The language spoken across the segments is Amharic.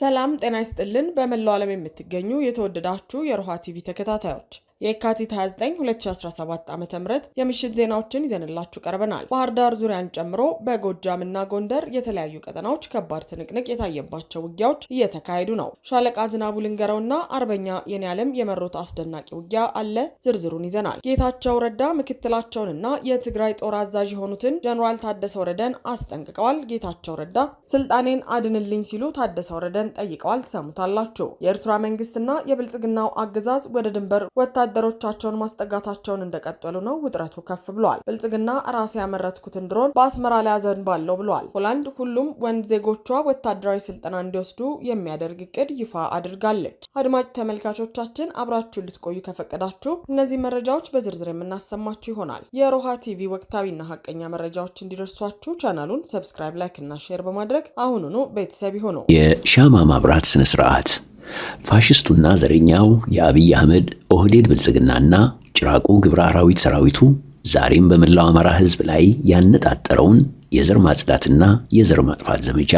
ሰላም ጤና ይስጥልን። በመላው ዓለም የምትገኙ የተወደዳችሁ የሮሃ ቲቪ ተከታታዮች የካቲት 29 2017 ዓ ም የምሽት ዜናዎችን ይዘንላችሁ ቀርበናል። ባህር ዳር ዙሪያን ጨምሮ በጎጃም እና ጎንደር የተለያዩ ቀጠናዎች ከባድ ትንቅንቅ የታየባቸው ውጊያዎች እየተካሄዱ ነው። ሻለቃ ዝናቡ ልንገረውና አርበኛ የኔ ዓለም የመሩት አስደናቂ ውጊያ አለ። ዝርዝሩን ይዘናል። ጌታቸው ረዳ ምክትላቸውንና የትግራይ ጦር አዛዥ የሆኑትን ጀኔራል ታደሰ ወረደን አስጠንቅቀዋል። ጌታቸው ረዳ ስልጣኔን አድንልኝ ሲሉ ታደሰ ወረደን ጠይቀዋል። ትሰሙታላችሁ። የኤርትራ መንግስትና የብልጽግናው አገዛዝ ወደ ድንበር ወታ ወታደሮቻቸውን ማስጠጋታቸውን እንደቀጠሉ ነው። ውጥረቱ ከፍ ብሏል። ብልጽግና ራሴ ያመረትኩትን ድሮን በአስመራ ላይ አዘንባለሁ ብሏል። ሆላንድ ሁሉም ወንድ ዜጎቿ ወታደራዊ ስልጠና እንዲወስዱ የሚያደርግ እቅድ ይፋ አድርጋለች። አድማጭ ተመልካቾቻችን አብራችሁ ልትቆዩ ከፈቀዳችሁ እነዚህ መረጃዎች በዝርዝር የምናሰማችሁ ይሆናል። የሮሃ ቲቪ ወቅታዊና ሀቀኛ መረጃዎች እንዲደርሷችሁ ቻናሉን ሰብስክራይብ፣ ላይክ እና ሼር በማድረግ አሁኑኑ ቤተሰብ ይሁኑ። የሻማ ማብራት ስነ ፋሽስቱና ዘረኛው የአብይ አህመድ ኦህዴድ ብልጽግናና ጭራቁ ግብረ አራዊት ሰራዊቱ ዛሬም በመላው አማራ ሕዝብ ላይ ያነጣጠረውን የዘር ማጽዳትና የዘር ማጥፋት ዘመቻ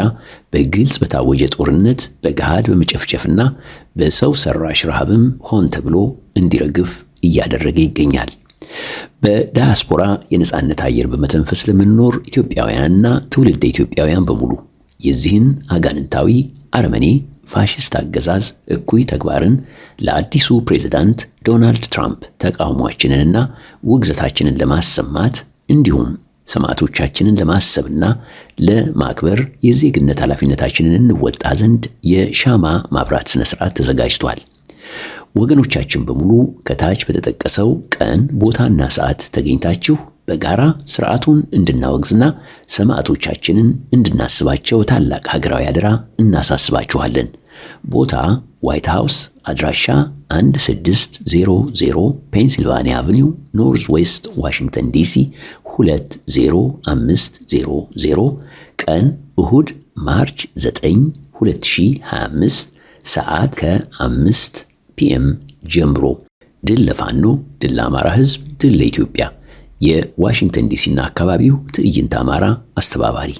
በግልጽ በታወጀ ጦርነት በገሃድ በመጨፍጨፍና በሰው ሰራሽ ረሃብም ሆን ተብሎ እንዲረግፍ እያደረገ ይገኛል። በዳያስፖራ የነጻነት አየር በመተንፈስ ለምንኖር ኢትዮጵያውያንና ትውልደ ኢትዮጵያውያን በሙሉ የዚህን አጋንንታዊ አረመኔ ፋሽስት አገዛዝ እኩይ ተግባርን ለአዲሱ ፕሬዝዳንት ዶናልድ ትራምፕ ተቃውሟችንንና ውግዘታችንን ለማሰማት እንዲሁም ሰማዕቶቻችንን ለማሰብና ለማክበር የዜግነት ኃላፊነታችንን እንወጣ ዘንድ የሻማ ማብራት ሥነ ሥርዓት ተዘጋጅቷል። ወገኖቻችን በሙሉ ከታች በተጠቀሰው ቀን ቦታና ሰዓት ተገኝታችሁ በጋራ ስርዓቱን እንድናወግዝና ሰማዕቶቻችንን እንድናስባቸው ታላቅ ሀገራዊ አደራ እናሳስባችኋለን። ቦታ ዋይት ሃውስ፣ አድራሻ 1600 ፔንሲልቫኒያ አቨኒው ኖርዝ ዌስት ዋሽንግተን ዲሲ 20500፣ ቀን እሁድ ማርች 9 2025፣ ሰዓት ከ5 ፒኤም ጀምሮ። ድል ለፋኖ፣ ድል ለአማራ ህዝብ ድል ለኢትዮጵያ። የዋሽንግተን ዲሲና አካባቢው ትዕይንት አማራ አስተባባሪ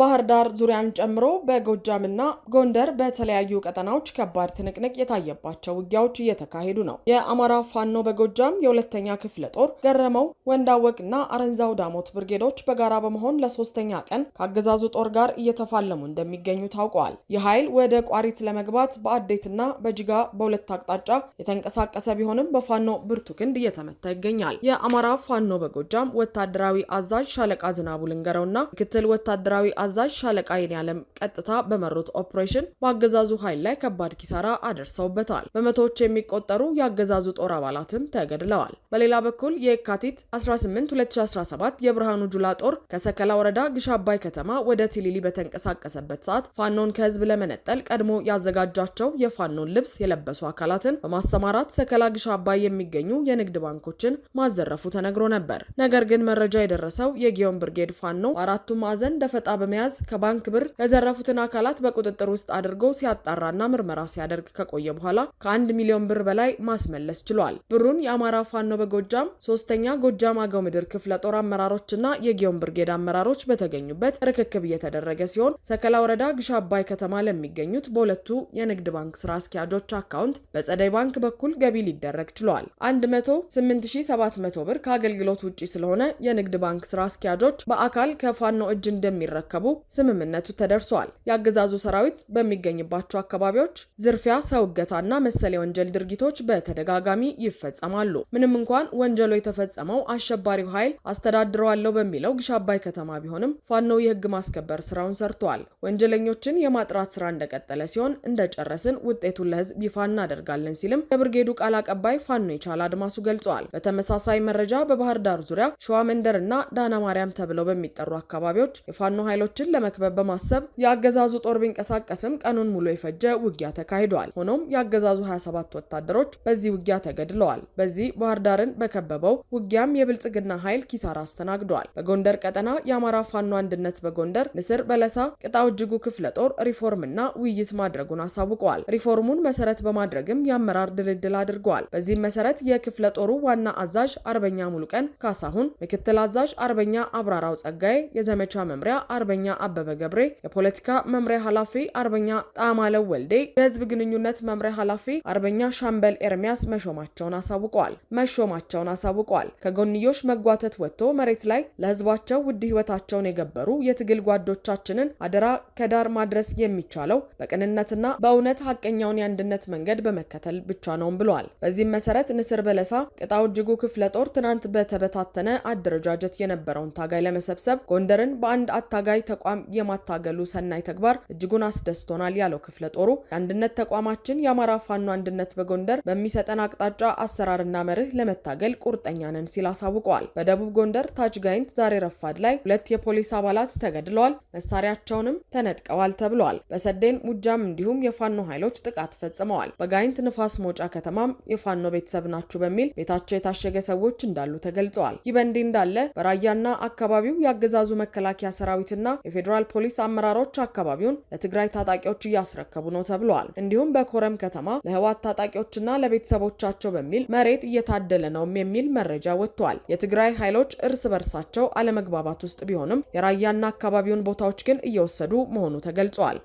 ባህር ዳር ዙሪያን ጨምሮ በጎጃምና ጎንደር በተለያዩ ቀጠናዎች ከባድ ትንቅንቅ የታየባቸው ውጊያዎች እየተካሄዱ ነው። የአማራ ፋኖ በጎጃም የሁለተኛ ክፍለ ጦር ገረመው ወንዳወቅና አረንዛው ዳሞት ብርጌዶች በጋራ በመሆን ለሶስተኛ ቀን ከአገዛዙ ጦር ጋር እየተፋለሙ እንደሚገኙ ታውቀዋል። ይህ ኃይል ወደ ቋሪት ለመግባት በአዴትና በጅጋ በሁለት አቅጣጫ የተንቀሳቀሰ ቢሆንም በፋኖ ብርቱ ክንድ እየተመታ ይገኛል። የአማራ ፋኖ በጎጃም ወታደራዊ አዛዥ ሻለቃ ዝናቡ ልንገረውና ምክትል ወታደራዊ አዛዥ ሻለቃ ያለም ቀጥታ በመሩት ኦፕሬሽን በአገዛዙ ኃይል ላይ ከባድ ኪሳራ አደርሰውበታል። በመቶዎች የሚቆጠሩ የአገዛዙ ጦር አባላትም ተገድለዋል። በሌላ በኩል የካቲት 18 2017 የብርሃኑ ጁላ ጦር ከሰከላ ወረዳ ግሽ አባይ ከተማ ወደ ቲሊሊ በተንቀሳቀሰበት ሰዓት ፋኖን ከህዝብ ለመነጠል ቀድሞ ያዘጋጃቸው የፋኖን ልብስ የለበሱ አካላትን በማሰማራት ሰከላ ግሽ አባይ የሚገኙ የንግድ ባንኮችን ማዘረፉ ተነግሮ ነበር። ነገር ግን መረጃ የደረሰው የጊዮን ብርጌድ ፋኖ አራቱ ማዕዘን ደፈጣ በመ በመያዝ ከባንክ ብር የዘረፉትን አካላት በቁጥጥር ውስጥ አድርጎ ሲያጣራና ምርመራ ሲያደርግ ከቆየ በኋላ ከአንድ ሚሊዮን ብር በላይ ማስመለስ ችሏል። ብሩን የአማራ ፋኖ በጎጃም ሶስተኛ ጎጃም አገው ምድር ክፍለ ጦር አመራሮችና የጊዮን ብርጌድ አመራሮች በተገኙበት ርክክብ እየተደረገ ሲሆን ሰከላ ወረዳ ግሻ አባይ ከተማ ለሚገኙት በሁለቱ የንግድ ባንክ ስራ አስኪያጆች አካውንት በጸደይ ባንክ በኩል ገቢ ሊደረግ ችሏል። 18700 ብር ከአገልግሎት ውጪ ስለሆነ የንግድ ባንክ ስራ አስኪያጆች በአካል ከፋኖ እጅ እንደሚረከቡ እንዲረከቡ ስምምነቱ ተደርሷል። የአገዛዙ ሰራዊት በሚገኝባቸው አካባቢዎች ዝርፊያ፣ ሰው እገታና መሰል የወንጀል ድርጊቶች በተደጋጋሚ ይፈጸማሉ። ምንም እንኳን ወንጀሉ የተፈጸመው አሸባሪው ኃይል አስተዳድረዋለሁ በሚለው ግሽ አባይ ከተማ ቢሆንም ፋኖ የህግ ማስከበር ስራውን ሰርቷል። ወንጀለኞችን የማጥራት ስራ እንደቀጠለ ሲሆን እንደጨረስን ውጤቱን ለህዝብ ይፋ እናደርጋለን ሲልም የብርጌዱ ቃል አቀባይ ፋኖ ይቻል አድማሱ ገልጿል። በተመሳሳይ መረጃ በባህር ዳር ዙሪያ ሸዋ መንደር እና ዳና ማርያም ተብለው በሚጠሩ አካባቢዎች የፋኖ ኃይሎች ኃይሎችን ለመክበብ በማሰብ የአገዛዙ ጦር ቢንቀሳቀስም ቀኑን ሙሉ የፈጀ ውጊያ ተካሂዷል። ሆኖም የአገዛዙ 27 ወታደሮች በዚህ ውጊያ ተገድለዋል። በዚህ ባህር ዳርን በከበበው ውጊያም የብልጽግና ኃይል ኪሳራ አስተናግዷል። በጎንደር ቀጠና የአማራ ፋኖ አንድነት በጎንደር ንስር በለሳ ቅጣው እጅጉ ክፍለ ጦር ሪፎርምና ውይይት ማድረጉን አሳውቀዋል። ሪፎርሙን መሰረት በማድረግም የአመራር ድልድል አድርገዋል። በዚህም መሰረት የክፍለ ጦሩ ዋና አዛዥ አርበኛ ሙሉቀን ካሳሁን፣ ምክትል አዛዥ አርበኛ አብራራው ጸጋዬ፣ የዘመቻ መምሪያ አርበ አርበኛ አበበ ገብሬ፣ የፖለቲካ መምሪያ ኃላፊ አርበኛ ጣማለው ወልዴ፣ የህዝብ ግንኙነት መምሪያ ኃላፊ አርበኛ ሻምበል ኤርሚያስ መሾማቸውን አሳውቀዋል መሾማቸውን አሳውቀዋል። ከጎንዮሽ መጓተት ወጥቶ መሬት ላይ ለህዝባቸው ውድ ህይወታቸውን የገበሩ የትግል ጓዶቻችንን አደራ ከዳር ማድረስ የሚቻለው በቅንነትና በእውነት ሀቀኛውን የአንድነት መንገድ በመከተል ብቻ ነውም ብለዋል። በዚህም መሰረት ንስር በለሳ ቅጣው እጅጉ ክፍለ ጦር ትናንት በተበታተነ አደረጃጀት የነበረውን ታጋይ ለመሰብሰብ ጎንደርን በአንድ አታጋይ ተቋም የማታገሉ ሰናይ ተግባር እጅጉን አስደስቶናል ያለው ክፍለ ጦሩ የአንድነት ተቋማችን የአማራ ፋኖ አንድነት በጎንደር በሚሰጠን አቅጣጫ አሰራርና መርህ ለመታገል ቁርጠኛ ነን ሲል አሳውቀዋል። በደቡብ ጎንደር ታች ጋይንት ዛሬ ረፋድ ላይ ሁለት የፖሊስ አባላት ተገድለዋል፣ መሳሪያቸውንም ተነጥቀዋል ተብለዋል። በሰዴን ሙጃም እንዲሁም የፋኖ ኃይሎች ጥቃት ፈጽመዋል። በጋይንት ንፋስ መውጫ ከተማም የፋኖ ቤተሰብ ናችሁ በሚል ቤታቸው የታሸገ ሰዎች እንዳሉ ተገልጸዋል። ይህ በእንዲህ እንዳለ በራያና አካባቢው የአገዛዙ መከላከያ ሰራዊትና የፌዴራል ፖሊስ አመራሮች አካባቢውን ለትግራይ ታጣቂዎች እያስረከቡ ነው ተብለዋል። እንዲሁም በኮረም ከተማ ለህዋት ታጣቂዎችና ለቤተሰቦቻቸው በሚል መሬት እየታደለ ነውም የሚል መረጃ ወጥቷል። የትግራይ ኃይሎች እርስ በርሳቸው አለመግባባት ውስጥ ቢሆንም የራያና አካባቢውን ቦታዎች ግን እየወሰዱ መሆኑ ተገልጿል።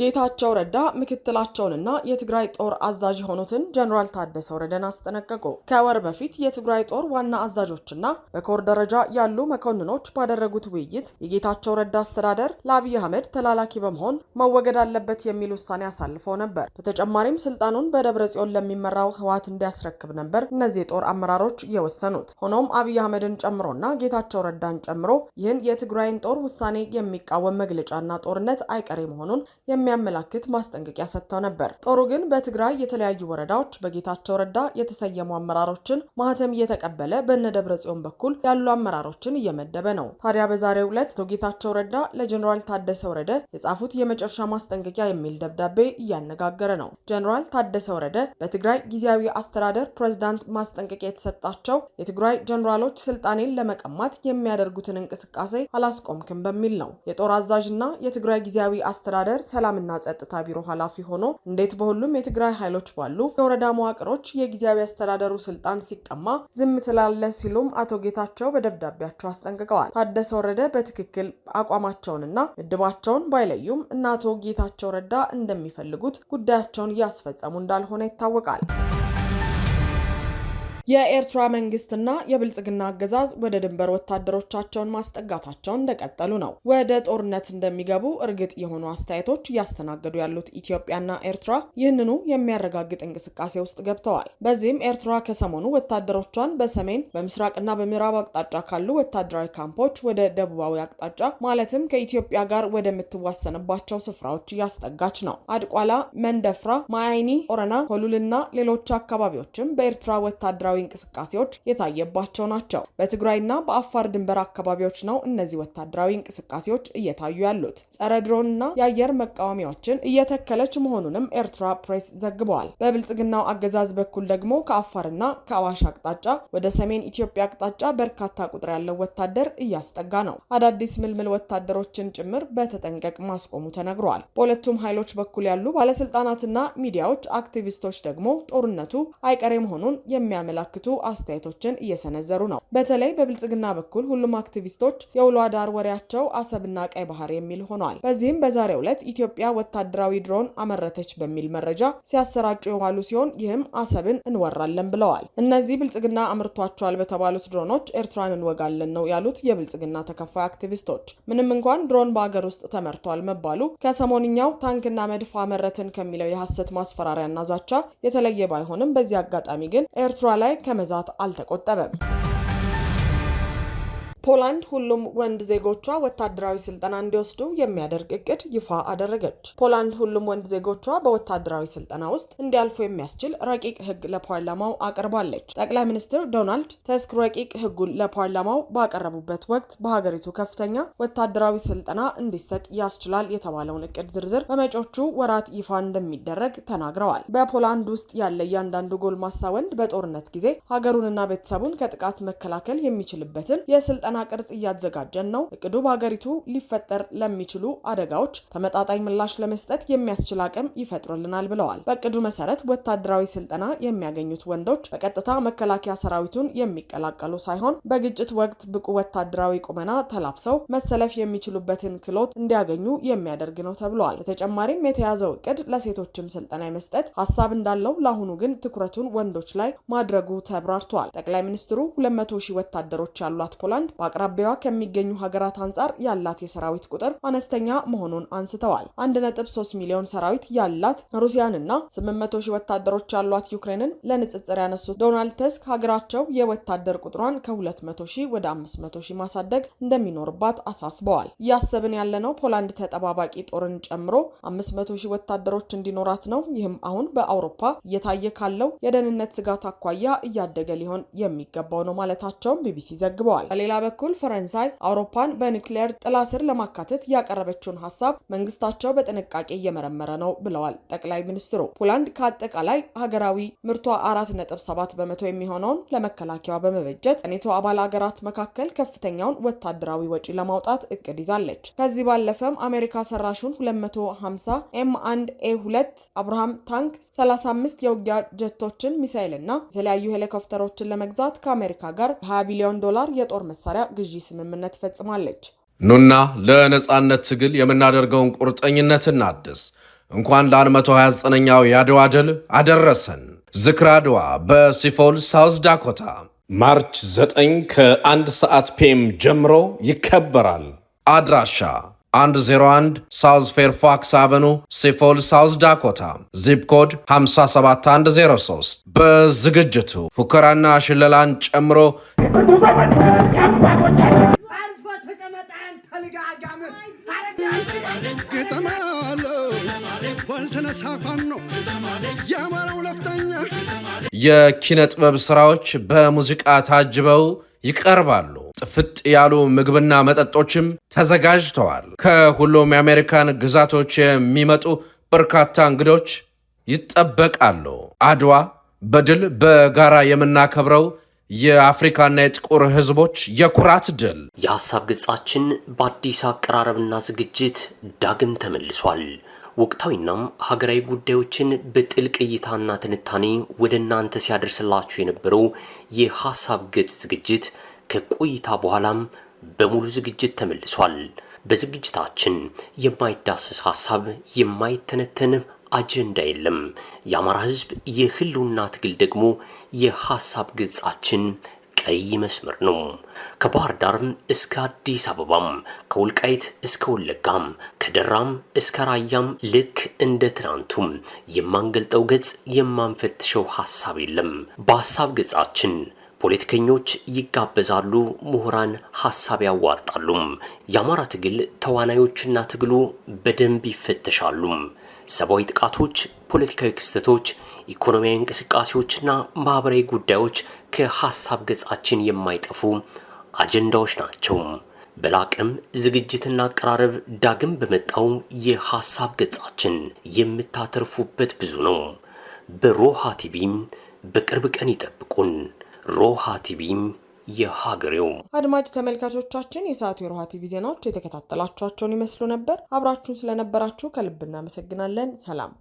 ጌታቸው ረዳ ምክትላቸውንና የትግራይ ጦር አዛዥ የሆኑትን ጀኔራል ታደሰ ወረደን አስጠነቀቁ። ከወር በፊት የትግራይ ጦር ዋና አዛዦችና በኮር ደረጃ ያሉ መኮንኖች ባደረጉት ውይይት የጌታቸው ረዳ አስተዳደር ለአብይ አህመድ ተላላኪ በመሆን መወገድ አለበት የሚል ውሳኔ አሳልፈው ነበር። በተጨማሪም ስልጣኑን በደብረ ጽዮን ለሚመራው ህወሓት እንዲያስረክብ ነበር እነዚህ የጦር አመራሮች የወሰኑት። ሆኖም አብይ አህመድን ጨምሮና ጌታቸው ረዳን ጨምሮ ይህን የትግራይን ጦር ውሳኔ የሚቃወም መግለጫና ጦርነት አይቀሬ መሆኑን የሚያመላክት ማስጠንቀቂያ ሰጥተው ነበር። ጦሩ ግን በትግራይ የተለያዩ ወረዳዎች በጌታቸው ረዳ የተሰየሙ አመራሮችን ማህተም እየተቀበለ በነደብረ ጽዮን በኩል ያሉ አመራሮችን እየመደበ ነው። ታዲያ በዛሬው ዕለት አቶ ጌታቸው ረዳ ለጀኔራል ታደሰ ወረደ የጻፉት የመጨረሻ ማስጠንቀቂያ የሚል ደብዳቤ እያነጋገረ ነው። ጀኔራል ታደሰ ወረደ በትግራይ ጊዜያዊ አስተዳደር ፕሬዝዳንት ማስጠንቀቂያ የተሰጣቸው የትግራይ ጀኔራሎች ስልጣኔን ለመቀማት የሚያደርጉትን እንቅስቃሴ አላስቆምክም በሚል ነው። የጦር አዛዥና የትግራይ ጊዜያዊ አስተዳደር ሰላም የሰላምና ጸጥታ ቢሮ ኃላፊ ሆኖ እንዴት በሁሉም የትግራይ ኃይሎች ባሉ የወረዳ መዋቅሮች የጊዜያዊ አስተዳደሩ ስልጣን ሲቀማ ዝም ትላለ ሲሉም አቶ ጌታቸው በደብዳቤያቸው አስጠንቅቀዋል። ታደሰ ወረደ በትክክል አቋማቸውንና ምድባቸውን ባይለዩም እና አቶ ጌታቸው ረዳ እንደሚፈልጉት ጉዳያቸውን እያስፈጸሙ እንዳልሆነ ይታወቃል። የኤርትራ መንግስትና የብልጽግና አገዛዝ ወደ ድንበር ወታደሮቻቸውን ማስጠጋታቸውን እንደቀጠሉ ነው። ወደ ጦርነት እንደሚገቡ እርግጥ የሆኑ አስተያየቶች እያስተናገዱ ያሉት ኢትዮጵያና ኤርትራ ይህንኑ የሚያረጋግጥ እንቅስቃሴ ውስጥ ገብተዋል። በዚህም ኤርትራ ከሰሞኑ ወታደሮቿን በሰሜን በምስራቅና በምዕራብ አቅጣጫ ካሉ ወታደራዊ ካምፖች ወደ ደቡባዊ አቅጣጫ ማለትም ከኢትዮጵያ ጋር ወደምትዋሰንባቸው ስፍራዎች እያስጠጋች ነው። አድቋላ፣ መንደፍራ፣ ማያይኒ፣ ኦረና፣ ኮሉልና ሌሎች አካባቢዎችም በኤርትራ ወታደራዊ እንቅስቃሴዎች የታየባቸው ናቸው። በትግራይና በአፋር ድንበር አካባቢዎች ነው እነዚህ ወታደራዊ እንቅስቃሴዎች እየታዩ ያሉት። ጸረ ድሮንና የአየር መቃወሚያዎችን እየተከለች መሆኑንም ኤርትራ ፕሬስ ዘግበዋል። በብልጽግናው አገዛዝ በኩል ደግሞ ከአፋርና ከአዋሽ አቅጣጫ ወደ ሰሜን ኢትዮጵያ አቅጣጫ በርካታ ቁጥር ያለው ወታደር እያስጠጋ ነው። አዳዲስ ምልምል ወታደሮችን ጭምር በተጠንቀቅ ማስቆሙ ተነግሯል። በሁለቱም ኃይሎች በኩል ያሉ ባለስልጣናትና ሚዲያዎች፣ አክቲቪስቶች ደግሞ ጦርነቱ አይቀሬ መሆኑን የሚያመላክ የሚያመላክቱ አስተያየቶችን እየሰነዘሩ ነው። በተለይ በብልጽግና በኩል ሁሉም አክቲቪስቶች የውሎ አዳር ወሬያቸው አሰብና ቀይ ባህር የሚል ሆኗል። በዚህም በዛሬው ዕለት ኢትዮጵያ ወታደራዊ ድሮን አመረተች በሚል መረጃ ሲያሰራጩ የዋሉ ሲሆን ይህም አሰብን እንወራለን ብለዋል። እነዚህ ብልጽግና አምርቷቸዋል በተባሉት ድሮኖች ኤርትራን እንወጋለን ነው ያሉት የብልጽግና ተከፋይ አክቲቪስቶች። ምንም እንኳን ድሮን በአገር ውስጥ ተመርቷል መባሉ ከሰሞንኛው ታንክና መድፍ አመረትን ከሚለው የሐሰት ማስፈራሪያና ዛቻ የተለየ ባይሆንም በዚህ አጋጣሚ ግን ኤርትራ ላይ ከመዛት አልተቆጠበም። ፖላንድ ሁሉም ወንድ ዜጎቿ ወታደራዊ ስልጠና እንዲወስዱ የሚያደርግ እቅድ ይፋ አደረገች። ፖላንድ ሁሉም ወንድ ዜጎቿ በወታደራዊ ስልጠና ውስጥ እንዲያልፉ የሚያስችል ረቂቅ ሕግ ለፓርላማው አቅርባለች። ጠቅላይ ሚኒስትር ዶናልድ ተስክ ረቂቅ ሕጉን ለፓርላማው ባቀረቡበት ወቅት በሀገሪቱ ከፍተኛ ወታደራዊ ስልጠና እንዲሰጥ ያስችላል የተባለውን እቅድ ዝርዝር በመጪዎቹ ወራት ይፋ እንደሚደረግ ተናግረዋል። በፖላንድ ውስጥ ያለ እያንዳንዱ ጎልማሳ ወንድ በጦርነት ጊዜ ሀገሩንና ቤተሰቡን ከጥቃት መከላከል የሚችልበትን የስልጠና የቀና ቅርጽ እያዘጋጀን ነው። እቅዱ በሀገሪቱ ሊፈጠር ለሚችሉ አደጋዎች ተመጣጣኝ ምላሽ ለመስጠት የሚያስችል አቅም ይፈጥሩልናል ብለዋል። በእቅዱ መሰረት ወታደራዊ ስልጠና የሚያገኙት ወንዶች በቀጥታ መከላከያ ሰራዊቱን የሚቀላቀሉ ሳይሆን በግጭት ወቅት ብቁ ወታደራዊ ቁመና ተላብሰው መሰለፍ የሚችሉበትን ክሎት እንዲያገኙ የሚያደርግ ነው ተብሏል። በተጨማሪም የተያዘው እቅድ ለሴቶችም ስልጠና የመስጠት ሀሳብ እንዳለው ለአሁኑ ግን ትኩረቱን ወንዶች ላይ ማድረጉ ተብራርቷል። ጠቅላይ ሚኒስትሩ 200 ሺህ ወታደሮች ያሏት ፖላንድ በአቅራቢያዋ ከሚገኙ ሀገራት አንጻር ያላት የሰራዊት ቁጥር አነስተኛ መሆኑን አንስተዋል። 1.3 ሚሊዮን ሰራዊት ያላት ሩሲያንና 800 ሺህ ወታደሮች ያሏት ዩክሬንን ለንጽጽር ያነሱት ዶናልድ ተስክ ሀገራቸው የወታደር ቁጥሯን ከ200 ሺህ ወደ 500 ሺህ ማሳደግ እንደሚኖርባት አሳስበዋል። እያሰብን ያለነው ፖላንድ ተጠባባቂ ጦርን ጨምሮ 500 ሺህ ወታደሮች እንዲኖራት ነው። ይህም አሁን በአውሮፓ እየታየ ካለው የደህንነት ስጋት አኳያ እያደገ ሊሆን የሚገባው ነው ማለታቸውን ቢቢሲ ዘግበዋል። በሌላ በኩል ፈረንሳይ አውሮፓን በኒውክሌር ጥላ ስር ለማካተት ያቀረበችውን ሀሳብ መንግስታቸው በጥንቃቄ እየመረመረ ነው ብለዋል ጠቅላይ ሚኒስትሩ። ፖላንድ ከአጠቃላይ ሀገራዊ ምርቷ አራት ነጥብ ሰባት በመቶ የሚሆነውን ለመከላከያ በመበጀት ከኔቶ አባል ሀገራት መካከል ከፍተኛውን ወታደራዊ ወጪ ለማውጣት እቅድ ይዛለች። ከዚህ ባለፈም አሜሪካ ሰራሹን 250 ኤም አንድ ኤ ሁለት አብርሃም ታንክ 35 የውጊያ ጀቶችን፣ ሚሳይል የተለያዩ ሄሊኮፕተሮችን ለመግዛት ከአሜሪካ ጋር 20 ቢሊዮን ዶላር የጦር መሳሪያ መሳሪያ ግዢ ስምምነት ፈጽማለች። ኑና ለነጻነት ትግል የምናደርገውን ቁርጠኝነት እናድስ። እንኳን ለ129ኛው የአድዋ ድል አደረሰን። ዝክረ አድዋ በሲፎል ሳውዝ ዳኮታ ማርች 9 ከ1 ሰዓት ፒኤም ጀምሮ ይከበራል። አድራሻ 101 ሳውዝ ፌርፋክስ አቨኑ ሲፎል ሳውዝ ዳኮታ ዚፕ ኮድ 57103 በዝግጅቱ ፉከራና ሽለላን ጨምሮ የኪነ ጥበብ ስራዎች በሙዚቃ ታጅበው ይቀርባሉ። ጥፍጥ ያሉ ምግብና መጠጦችም ተዘጋጅተዋል። ከሁሉም የአሜሪካን ግዛቶች የሚመጡ በርካታ እንግዶች ይጠበቃሉ። አድዋ በድል በጋራ የምናከብረው የአፍሪካና የጥቁር ሕዝቦች የኩራት ድል። የሀሳብ ገጻችን በአዲስ አቀራረብና ዝግጅት ዳግም ተመልሷል። ወቅታዊና ሀገራዊ ጉዳዮችን በጥልቅ እይታና ትንታኔ ወደ እናንተ ሲያደርስላችሁ የነበረው የሀሳብ ገጽ ዝግጅት ከቆይታ በኋላም በሙሉ ዝግጅት ተመልሷል። በዝግጅታችን የማይዳሰስ ሀሳብ፣ የማይተነተን አጀንዳ የለም። የአማራ ህዝብ የህልውና ትግል ደግሞ የሀሳብ ገጻችን ቀይ መስመር ነው። ከባህር ዳርም እስከ አዲስ አበባም፣ ከወልቃይት እስከ ወለጋም፣ ከደራም እስከ ራያም ልክ እንደ ትናንቱም የማንገልጠው ገጽ የማንፈትሸው ሀሳብ የለም። በሀሳብ ገጻችን ፖለቲከኞች ይጋበዛሉ፣ ምሁራን ሀሳብ ያዋጣሉም። የአማራ ትግል ተዋናዮችና ትግሉ በደንብ ይፈተሻሉም። ሰብአዊ ጥቃቶች፣ ፖለቲካዊ ክስተቶች፣ ኢኮኖሚያዊ እንቅስቃሴዎችና ማኅበራዊ ጉዳዮች ከሀሳብ ገጻችን የማይጠፉ አጀንዳዎች ናቸው። በላቅም ዝግጅትና አቀራረብ ዳግም በመጣው የሀሳብ ገጻችን የምታተርፉበት ብዙ ነው። በሮሃ ቲቪም በቅርብ ቀን ይጠብቁን። ሮሃ ቲቪም የሀገሬው አድማጭ ተመልካቾቻችን የሰዓቱ የሮሃ ቲቪ ዜናዎች የተከታተላችኋቸውን ይመስሉ ነበር። አብራችሁን ስለነበራችሁ ከልብ እናመሰግናለን። ሰላም